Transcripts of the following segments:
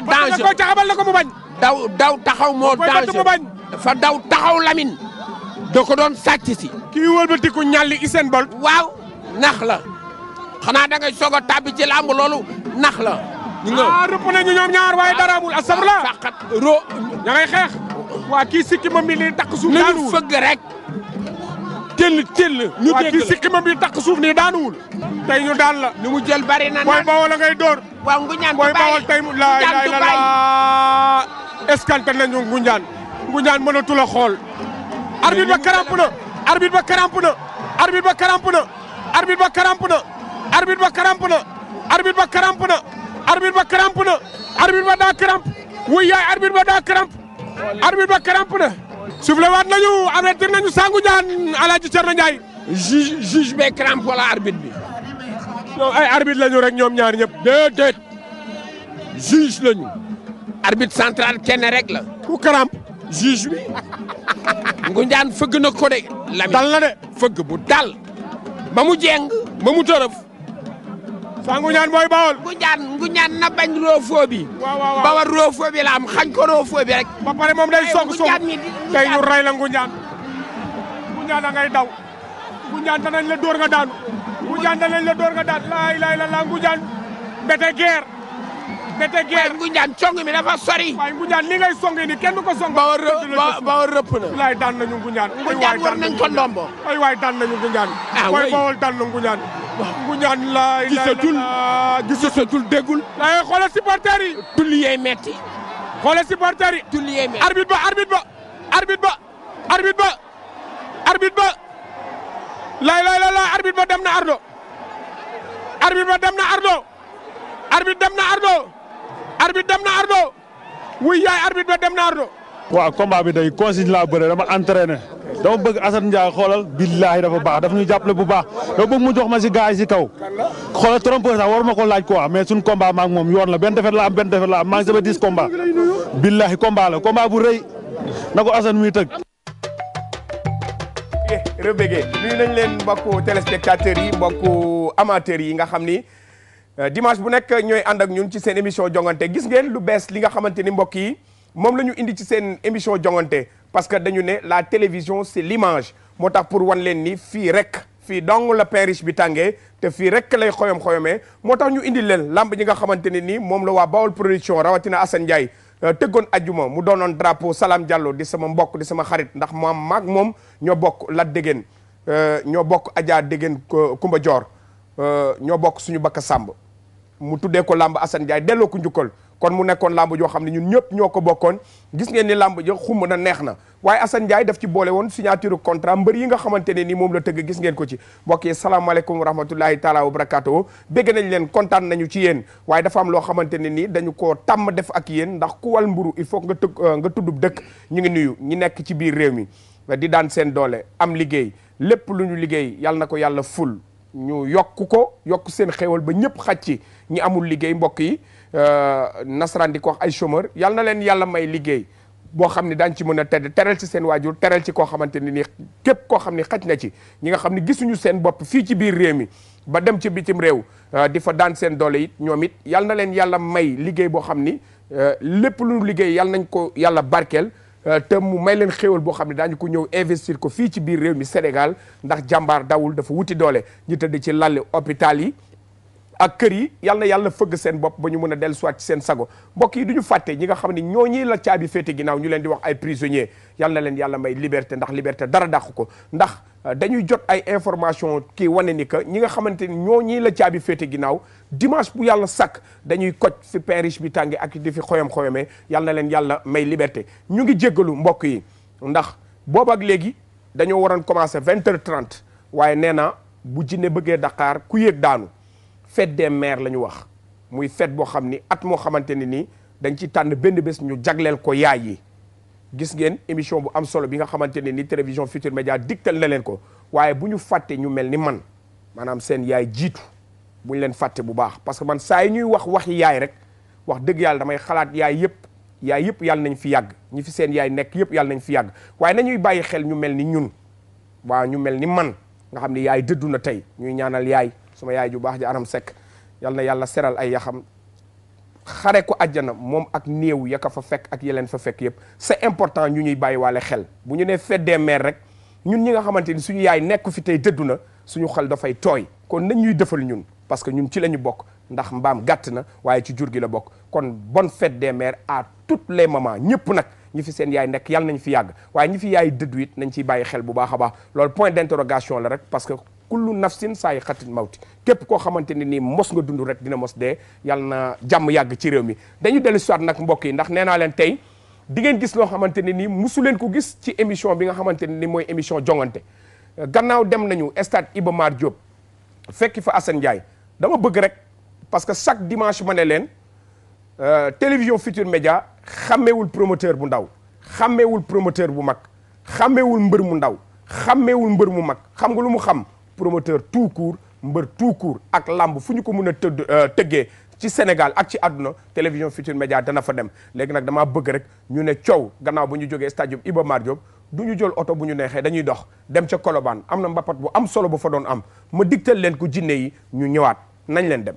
danger ko caxabal na ko mu bañ. daw daw taxaw moo. danger dafa daw taxaw Lamine. da ko doon sàcc si. kii wëlbatiku ñàlli Usain Bolt. waaw nax la. xanaa da ngay a tàbbi ci làmb loolu nax la. ñu ngi ah, waaye dara amul asabla. waaw ro. ña ngay xeex. waa kii sikki ma mi takk suuf. fëgg rek. tell tell ñu dégg la sikki ma takk suuf nii daanuwul. tey ñu daan la. li mu jël bari na naan booy bawol la ngay door. waaw Ngunjaan bawol tey mu. la la la escanté nañu Ngunjaan. Ngunjaan mënatu la xool. arbitre ba karamp na. arbitre ba karamp na. arbitre ba karamp na. arbitre ba karamp na. arbitre ba karamp na. arbitre ba karamp na. arbitre ba karamp na. soufflé waat nañu arrêté nañu Sangu Jaan Alaaji Cerno Njaay juge juge be wala arbitre bi ñoom ay arbitre lañu rek ñoom ñaar ñëpp déedéet juge lañu arbitre central kenn rek la ku crampe juge bi Ngunjaan fëgg na ko de lami dal na de fëgg bu dal ba mu jeng ba mu tërëf saa Nguñaan mooy Bawol. Nguñaan Nguñaan na bañ roofoo waaw waaw waaw Bawol roofoo bi la am xañ ko roofoo bi rek. ba pare moom day soog soog tey ñu la Nguñaan. Nguñaan da ngay daw. Nguñaan danañ la dóor nga daanu. Nguñaan danañ la dóor nga daan laay laay la laa Nguñaan. bete guerre. Nguñaan cong mi sori. waaye Nguñaan li ngay song ni ko song. Bawol Bawol rëpp na. laay daan nañu Nguñaan. Nguñaan war nañ ko ndombo. ay waay daan nañu Nguñaan. ah Bawol daan na Nguñaan ku ñaan laay gisatul gisatul déggul. waaye xoolal supporter yi. yee metti. xoolal supporter yi. ba arbitre ba. arbitre ba arbitre ba arbitre ba laay laay ba dem na Ardo. arbitre ba dem na Ardo. arbitre dem na Ardo. arbitre dem na Ardo. wuy yaay arbitre ba dem na Ardo. waaw combat bi day consigne laa bëre dama entraîné. dama bëgg Assane Ndiaye xoolal billaahi dafa baax daf ñu jàppale bu baax dama bëgg mu jox ma si gars yi si kaw xoolal trompeur sax war ma ko laaj quoi mais suñ combat maak moom yoon la benn defet la am benn defet la am maa ngi sama dix combat billaahi combat la combat bu rëy na ko Assane muy tëgg eh, rebége nuyu nañ leen mbokku téléspectateurs yi mbokku amateurs yi nga xam ni euh, dimanche bu nekk ñooy ànd ak ñun ci seen émission jongante gis ngeen lu bees li nga xamante ni mbokk yi moom la ñu indi ci seen émission jongante parce que dañu ne la télévision c'est l'image moo tax pour wan leen nii fii rek fii dong la périche bi tàngee te fii rek lay xoyom-xoyomee moo tax ñu indi leen lamb ñi nga xamante ne nii moom la waa Bawol production rawatina Assane Ndiaye euh, tëggoon ajjuma mu doonoon drapeau salaam jalloo di sama mbokk di sama xarit ndax maam maag moom ñoo bokk Lat Dégéen euh, ñoo bokk Adja Dégéen Kumba Joor euh, ñoo bokk suñu bakka sàmb mu tuddee ko lamb Assane delloo ko njukkal kon mu nekkoon làmb joo xam ne ñun ñëpp ñoo ko bokkoon gis ngeen ni làmb ja xumb na neex na waaye Assane Ndiaye daf ci boole woon signature contrat mbër yi nga xamante ne ni moom la tëgg gis ngeen ko ci mbokk yi salaamaaleykum wa rahmatullahi taala wa barakatuh bégg nañ leen kontaan nañu ci yéen waaye dafa am loo xamante ne ni dañu koo tàmm def ak yéen ndax ku wal mburu il faut nga tëgg nga tuddub dëkk ñu ngi nuyu ñi nekk ci biir réew mi di daan seen doole am liggéey lépp lu ñu liggéey yàlla na ko yàlla ful ñu yokk ko yokk seen xéewal ba ñëpp ci ñi amul liggéey mbokk yi euh, nasaraan di ko wax ay chômeur yal na leen yàlla may liggéey boo xam ne daañ ci mën a tedd teral ci seen waajur teral ci koo xamante ne ni képp koo xam ni xaj na ci ñi nga xam ne gisuñu seen bopp fii ci biir réew mi ba dem ci bitim réew euh, di fa daan seen doole it ñoom it yal na leen yàlla may liggéey boo xam ni euh, lépp lu liggéey yal nañ ko yàlla barkeel Euh, te mu may leen xéewal boo xam ne daañu ko ñëw investir ko fii ci biir réew mi Sénégal ndax jàmbaar dawul dafa wuti doole ñu tëdd ci lalli hôpital yi ak kër yi yal na yàlla fëgg seen bopp ba ñu mën a dellusiwaat ci seen sago mbokk yi du ñu fàtte ñi nga xam ne ñooñi la caabi féete ginnaaw ñu leen di wax ay prisonniers yal na leen yàlla may liberté ndax liberté dara dàq ko ndax euh, dañuy jot ay information kii wane ni que ñi nga xamante ni ñooñi la caabi féete ginnaaw dimanche bu yàlla sàkk dañuy koj fi bi tànge ak di fi xoyam-xoyamee yal na leen yàlla may liberté ñu ngi jéggalu mbokk yi ndax boobu ak léegi dañoo waroon commencé vingt heures trente waaye nee na bu jinne bëggee Dakar ku yéeg daanu fête des mères la ñu wax muy fête boo xam ni at moo xamante ne nii dañ ci tànn benn bés ñu jagleel ko yaay yi gis ngeen émission bu am solo bi nga xamante ne ni télévision Futur Média digtal na leen ko waaye bu ñu fàtte ñu mel ni man maanaam seen yaay jiitu bu ñu leen fàtte bu baax parce que man saa yi ñuy wax waxi yaay rek wax dëgg yàlla damay xalaat yaay yëpp yaay yëpp yàlla nañ fi yàgg ñi fi seen yaay nekk yëpp yàlla nañ fi yàgg waaye nañuy bàyyi xel ñu mel ni ñun waaw ñu mel ni man nga xam ne yaay dëddu na tey ñuy ñaanal yaay suma yaay ju baax ji anam sekk yal na yàlla seral ay yaxam xare ko àjjana moom ak néew ya ka fa fekk ak yeleen fa fekk yépp c'est important ñu ñuy bàyyi waale xel bu ñu nee fête des rek ñun ñi nga xamante ni suñu yaay nekku fi tey dëddu na suñu xel dafay tooy kon nañ ñuy defal ñun parce que ñun ci la ñu bokk ndax mbaam gàtt na waaye ci jur gi la bokk kon bon fête des à tout les mamans ñëpp nag ñi fi seen yaay nekk yàlla nañ fi yàgg waaye ñi fi yaay dëddu it nañ ciy bàyyi xel bu a baax loolu point d'interrogation la rek kullu nafsin saay xatin mawti képp koo xamante ne nii mos nga dund rek dina mos de yàlla na jàmm yàgg ci réew mi dañu dellu si waat nag mbokk yi ndax nee naa leen tey di ngeen gis loo xamante ne nii musu leen ko gis ci émission bi nga xamante ne ni mooy émission jongante gannaaw dem nañu stade Iba Mar Diop fekki fa Assane Ndiaye dama bëgg rek parce que chaque dimanche ma ne leen euh, télévision Futur Média xàmmeewul promoteur bu ndaw xàmmeewul promoteur bu mag xàmmeewul mbër mu ndaw xàmmeewul mbër mu mag xam nga lu mu xam promoteur tout court mbër tout court ak làmb fu ñu ko mun a tëdd euh, tëggee ci Sénégal ak ci àdduna télévision Futurs Médias dana fa dem léegi nag damaa bëgg rek ñu ne coow gannaaw bu ñu jógee stadium Iba Mar Diop du ñu jël oto bu ñu neexee dañuy dox dem ca Colobane am na mbapat bu am solo bu fa doon am ma digtal leen ko jinne yi ñu ñëwaat nañ leen dem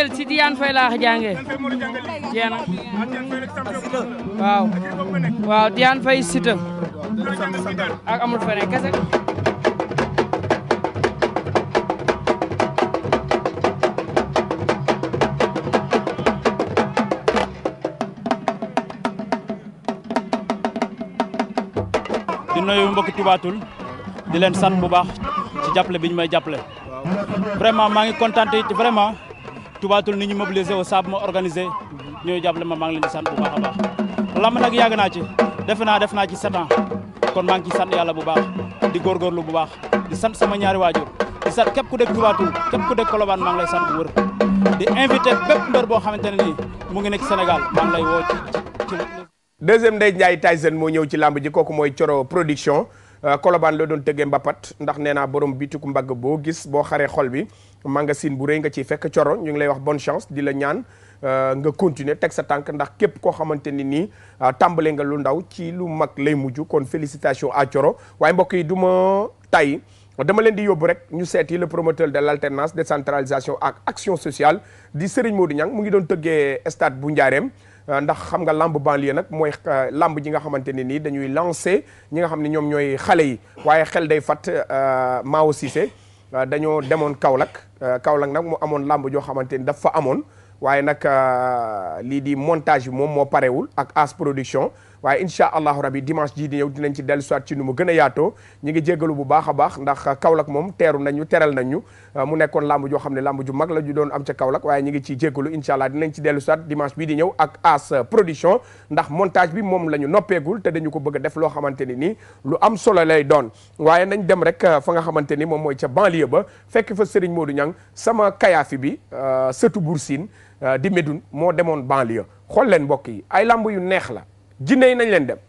jël si Diane Faye laa jàngee jeex na waaw waaw Diane Faye sita ak amul fene kese di nuyu mbokki tubaatul di leen sant bu baax ci jàppale bi ñu may jàppale vraiment maa ngi kontaan tubaatul nit ñi mobilisé wu saab ma organisé ñooy jàppale ma maa ngi leen di sant bu baax a baax lamb nag yàgg naa ci defe naa def naa ci sept ans kon maa ngi ci sant yàlla bu baax di góorgóorlu bu baax di sant sama ñaari waajur di sant képp ku dégg tubaatul képp ku dégg kolobaan maa ngi lay sant bu wër di invité bépp mbër boo xamante ne nii mu ngi nekk Sénégal maa ngi lay woo ci ci deuxième Ndeye Ndiaye Tyson moo ñëw ci lamb ji kooku mooy Coro production kolobaan euh, la doon tëggee mbapat ndax nee naa borom bitiku mbagg boo gis boo xaree xol bi magasin bu rey nga ciy fekk Coro ñu ngi lay wax bonne chance di la ñaan euh, nga continuer teg sa tànk ndax képp koo xamante ni nii euh, tàmbale nga lu ndaw ci lu mag lay mujj kon félicitation à Coro waaye mbokk yi du ma tay dama leen di yóbbu rek ñu seeti le promoteur de l' de centralisation ak action sociale di Serigne Modou Niang mu ngi doon tëggee stade bu Njaareem euh, ndax xam nga lamb banlieue nag mooy lamb ji nga xamante ne nii dañuy lancé ñi nga xam ne ñoom ñooy xale yi waaye xel day fat Mao Cissé dañoo demoon Kaolack Euh, Kaolack nag mu amoon làmb joo xamante ni dafa amoon waaye nag euh, lii di montage bi moom moo parewul ak as production waaye incha allahu rabi dimanche jii di ñëw dinañ ci dellu soit ci nu mu gën a yaatoo ñu ngi jéggalu bu baax a baax ndax Kaolack moom teeru nañu teral nañu euh, mu nekkoon lamb joo xam ne lamb ju mag la ju doon am ca Kaolack waaye ñu ngi ciy jéggalu incha allah dinañ ci dellu soit dimanche bii ak As Production ndax montage bi moom la ñu noppeegul te dañu ko bëgg def loo xamante ni nii lu am solo lay doon waaye nañ dem rek euh, fa nga xamante ni moom mooy ca banlieue ba fekk fa Serigne Modou Niang sama kayaafi bi euh, sëtu Bour Sine di Médoune moo demoon banlieue xool leen mbokk yi ay lamb yu neex la jinne yi nañ leen dem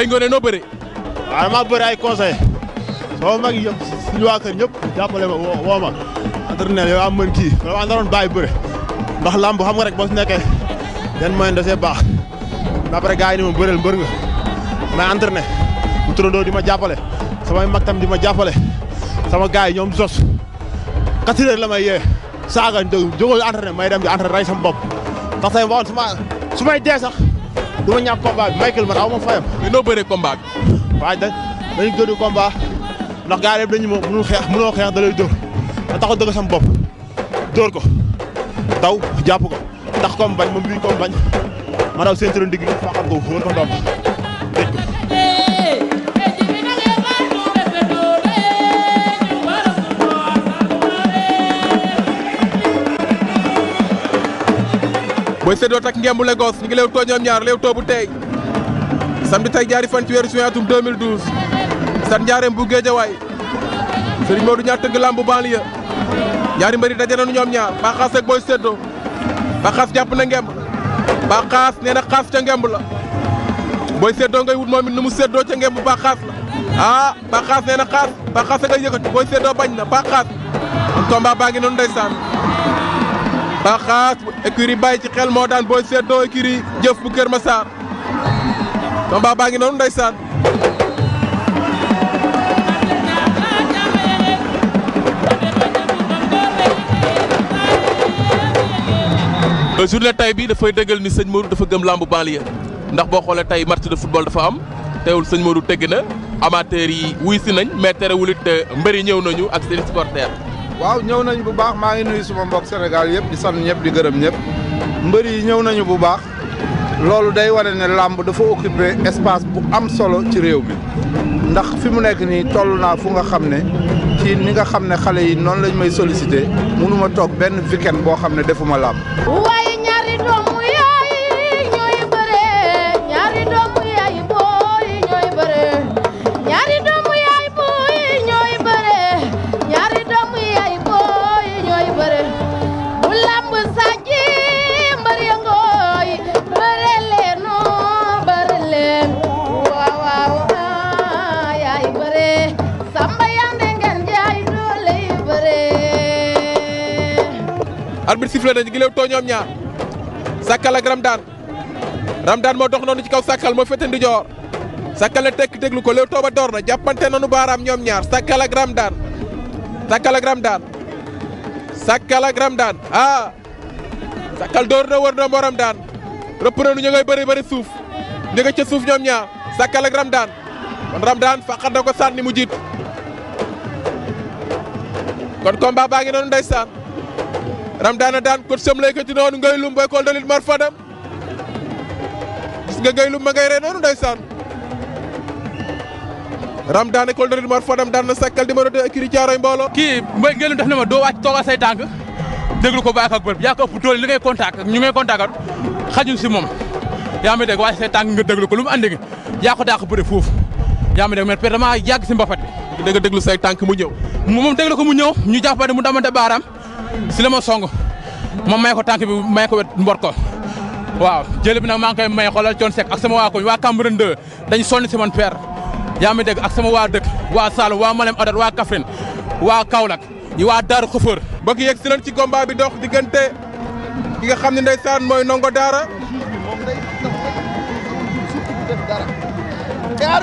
mbay ngoone noo bëri waaw dama bëri ay conseil sama mag yëpp suñu waa ñëpp jàppale ma woo ma entraîneur yow am mën kii dama naroon bàyyi bëri ndax làmb xam nga rek boo si nekkee yan moyen da see baax après gars yi ni ma bëreel mbër nga may entraîné bu turandoo di ma jàppale samay mag di ma jàppale sama gars yi ñoom sos quatre heures la may yee saaga jógoo entraîné may dem di entraîné rey sama bopp ndax tey ma su may du ma ñàkk combat bi Michael man aw ma fayam. mais noo bëree combat bi. waaye dañ dañu gënu combat ndax gars yi dañu ma mënul xeex mënoo xeex da lay dóor ma tax a dëgg sama bopp ko daw jàpp ko tax ko bañ moom bii ko bañ ma daw seen turon digg faaxal ko wër ko ndomb. Boy seddoo tak ngembu Lagos ñu ngi Leewtoo ñoom ñaar Leewtoo bu tey samedi tey jaari fan ci weeru juin atum 2012 san njaareem bu Géejawaay Serigne Modou ñaar tëgg lamb bu banlieue ñaari mbëri daje nañu ñoom ñaar Baxaas ak Boy Seydou Baxaas jàpp na ngemb Baxaas nee na xaas ca ngemb la Boy Seydou ngay wut moom it nu mu seddoo ca ngemb Baxaas la ah Baxaas nee na xaas Baxaas a ngay yëkkati Boy Seydou bañ na Baxaas kon combat baa ngi noonu ndeysaan Baxaas écurie bàyyi ci xel moo daan booy seetloo écurie jëf bu Kër Massar combat baa ngi noonu ndeysaan euh, journée tay bi dafay dëggal ni sëñ Modou dafa gëm lambu banlieue ndax boo xoolee tey match de football dafa am teewul sëñ Modou tegg na amateur yi wuy si nañ mais terewul it euh, mbër yi ñëw nañu ak seen supporters waaw ñëw nañ bu baax maa ngi nuyu suma mbokk Sénégal yëpp di sant ñëpp di gërëm ñëpp mbër yi ñëw nañu bu baax loolu day wane ne làmb dafa occupé espace bu am solo ci réew bi ndax fi mu nekk nii toll naa fu nga xam ne ci ni nga xam ne xale yi noonu lañ may sollicité munuma toog benn weekend boo xam ne defuma làmb ñu ngi léew too ñoom ñaar Sakkal ak Ramdaan daan moo dox noonu ci kaw Sakkal moo féete ndijoor Sakkal ne tekk déglu ko léew too ba door na jàppante noonu baaraam ñoom ñaar Sakkal ak Ramdaan Sakkal ak daan Sakkal ak Ramdaan ah Sakkal door na wër na moo Ramdaan rëpp na nu ñu ngay suuf ñu ca suuf ñoom ñaar Sakkal ak Ramdaan kon Ramdaan faqat na ko sànni mu jiitu kon combat baa ngi noonu ndeysaan Ramdana daan kot sëm lay yëkkati noonu ngay lum boy kool nga ngay ma ngay rey noonu ndeysaan Ramdana kool dalit mar fadam daan na sakkal di ma doon kii di mbooloo. kii mooy ngeen def ne ma doo wàcc toogal say tànk déglu ko baax ak bërëb yaa ko ëpp li ngay contact ñu ngay contact xajuñ si moom yaa ngi dégg wàcc say tànk nga déglu ko lu mu andi nga yaa ko bëre foofu yaa ngi dégg mais peut-être damaa yàgg si mbapat bi. dégg déglu say tànk mu ñëw. mu ñëw ñu jàppante mu damante baaraam si la ma song ma may ko tànk bi may ko wet mbor ko waaw jël bi nag maa ngi koy may xoolal ak sama waa koñ waa Cambérène 2 dañ sonn si yaa ngi dégg ak sama waa dëkk waa Saloum waa Malem Odar waa Kaffrine waa Kaolack waa Daaru Xëfër mbokk yeeg si ci combat bi dox diggante ki nga xam ne ndeysaan mooy Ndongo Daara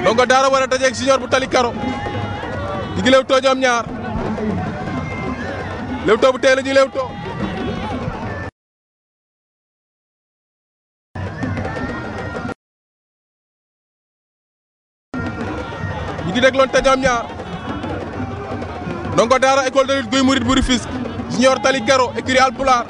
Ndongo Daara war a dajeeg Junior bu Tali Karo gilew too ñaar Leewtoo bu tey la ñuy Leewtoo ñu ngi dégloon te ñoom ñaar ndongo daara école de lutte Guy Mouride bu Rufisque junior Tali Garo écurie Alpulaar